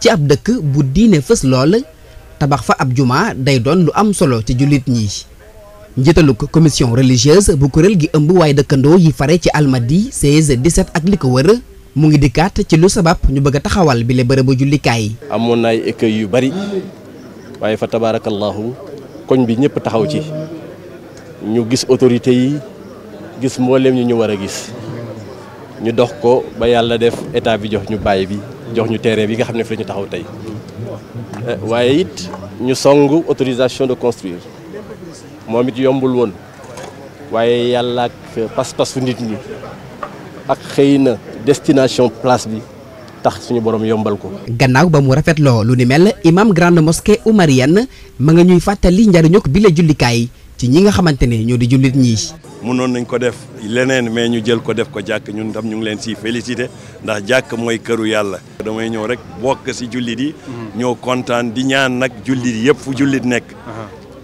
ci ab dëkk bu diine fës lool tabax fa ab jumaa day doon lu am solo ci jullit yi njiitaluk commission religieuse bu kuréel gi ëmb waaye dëkkandoo yi fare ci almadi di 17 ak li ko wër mu ngi di dikkaat ci lu sabab ñu bëgg a taxawal bile bërëbu jullikaay. amoon na ay yu bari waaye fa tabaarakallaahu koñ bi ñëpp taxaw ci ñu gis autorité yi gis mboolem ñu ñu war a gis ñu dox ko ba yàlla def état bi jox ñu bàyyi bi jox ñu terrain bi nga xam ne fi la taxaw tey eh, waaye it ñu song autorisation de construire moom it yombul woon waaye yàlla ak pas-pasu nit ñi ak xëy na destination place bi tax suñu borom yombal ko. gannaaw ba mu rafetloo lu ni mel imam grande mosquée oumarienne ma nga ñuy fàttali njariñu bi la jullikaay ci ñi nga xamante ne ñoo di jullit ñii mun noonu nañ ko def leneen mais ñu jël ko def ko jàkk ñun tam ñu ngi leen siy félicité ndax jàkk mooy këru yàlla. damay ñëw rek bokk si jullit yi. Mhm. ñoo kontaan di ñaan nag jullit yëpp fu jullit nekk.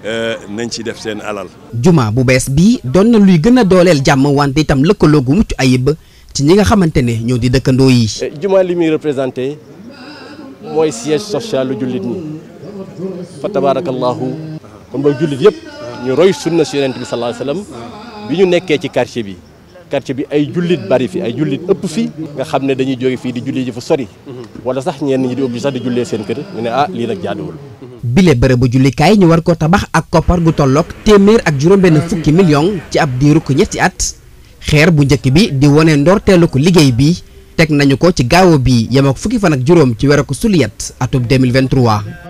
Euh, nañ ci def seen alal. jumaa bu bees bii doon na luy gën a dooleel jàmm wante itam lëkkaloo gu mucc ayib ci ñi nga xamante ne ñoo di dëkkandoo yi. Eh, jumaa li muy représenté mooy siège social lu jullit ñi fa tabaarakallaahu kon boog jullit yëpp. ñu roy sunna si yonent bi sallallahu bi ñu nekkee ci quartier bi quartier bi ay jullit bari fi ay jullit ëpp fi nga xam ne dañuy jóge fii di julli ji fu sori wala sax ñenn ñi di obligé sax di jullee seen kër ñu ne ah lii nag jaaduwul bile bërëbu jullikaay ñu war ko tabax ak koppar gu tolloog téeméer ak juróom-benn fukki million ci ab diiru ko ñetti at xeer bu njëkk bi di wone ndorteelu ko liggéey bi teg nañu ko ci gaaw bi yem fukki fan ak juróom ci weeru ko suliyat atum 2023